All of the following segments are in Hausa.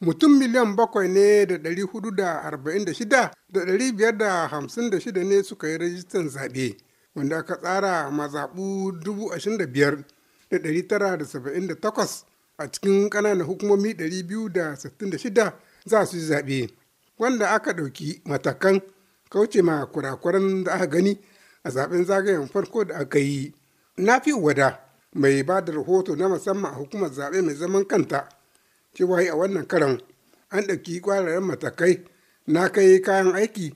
mutum miliyan bakwai ne da ɗari hudu da arba'in da shida da ɗari biyar da hamsin da shida ne suka yi rajistan zaɓe wanda aka tsara mazaɓu dubu ashirin da biyar da ɗari tara da saba'in da takwas a cikin ƙananan hukumomi ɗari biyu da sittin da shida za su yi zaɓe wanda aka ɗauki matakan kauce ma kurakuran da aka gani a zaɓen zagayen farko da aka yi na fi wada mai ba da rahoto na musamman a hukumar zaɓe mai zaman kanta cewa a wannan karan an ɗauki kwararren matakai na kai kayan aiki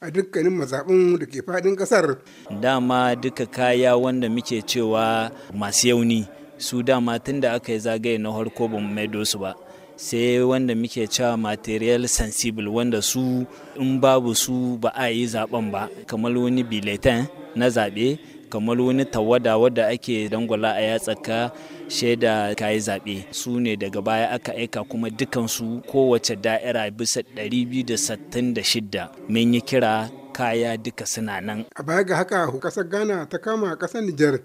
a dukkanin mazaɓin da ke faɗin ƙasar. Dama duka kaya wanda muke cewa masu yauni su dama tun da aka yi zagaye na harko ba maido su ba. sai wanda muke cewa material sensible wanda su in babu su ba a yi zaben ba kamar wani biletan na zaɓe kamar wani tawada wadda ake dangwala a yatsaka shaida ka yi zaɓe su ne daga baya aka aika kuma dukansu kowace da'ira bisa 266 mun yi kira kaya duka suna nan. A baya ga haka kasar Ghana ta kama kasar Nijar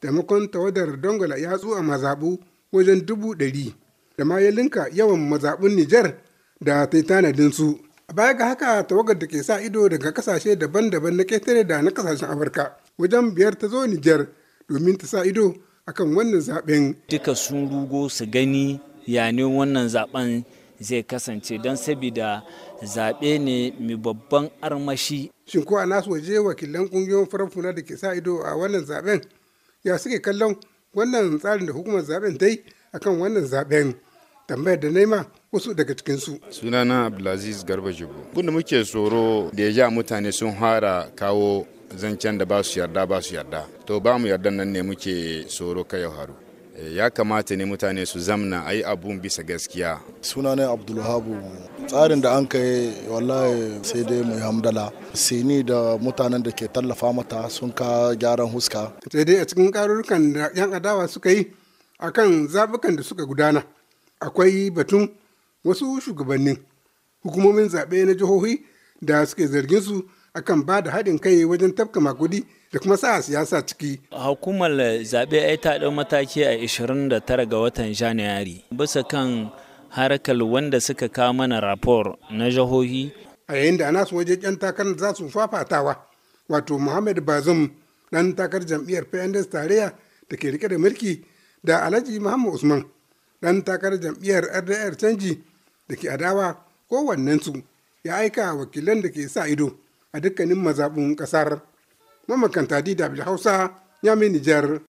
taimakon tawadar dangwala ya yatsu a mazaɓu wajen dubu ɗari da ma linka yawan mazaɓun Nijar da ta tanadin su. baya ga haka tawagar da ke sa ido daga kasashe daban-daban na ketare da na kasashen afirka wajen biyar ta zo Nijar domin ta sa ido akan wannan zaben. Duka sun rugo su gani ya ne wannan zaben zai kasance don sabida zaɓe ne mai babban armashi. Shin ko a nasu waje wakilan ƙungiyoyin farafuna da ke sa ido a wannan zaben ya suke kallon wannan tsarin da hukumar zaben ta yi akan wannan zaben tambayar da naima wasu daga cikinsu. Sunana Abdulaziz Garba Jibo. Abin muke tsoro da ya ja mutane sun fara kawo zancen da ba su yarda ba su yarda to ba mu yarda nan ne muke tsoro kai haru eh, ya kamata ne mutane su zamna a yi abun bisa gaskiya sunana abdulhabu tsarin da an kai wallahi sai dai mu hamdala sini da mutanen da ke tallafa mata sun ka gyaran huska sai dai a cikin karurukan da yan adawa suka yi akan zabukan da suka gudana akwai batun wasu shugabannin hukumomin zaɓe na jihohi da suke zargin su akan ba da haɗin kai wajen tafka makudi da kuma sa siyasa ciki. Hukumar zaɓe ai ta ɗau mataki a 29 ga watan Janairu bisa kan harkar wanda suka kawo mana rapor na jihohi. A yayin da ana su waje ƴan takarar za su fafatawa wato Muhammad Bazum ɗan takarar jam'iyyar PNDS tarayya da ke rike da mulki da Alhaji Muhammad Usman ɗan takarar jam'iyyar RDR canji da ke adawa kowannensu ya aika wakilan da ke sa ido. a dukkanin mazaɓin ƙasar. Mamakanta DW Hausa, Yami Nijar.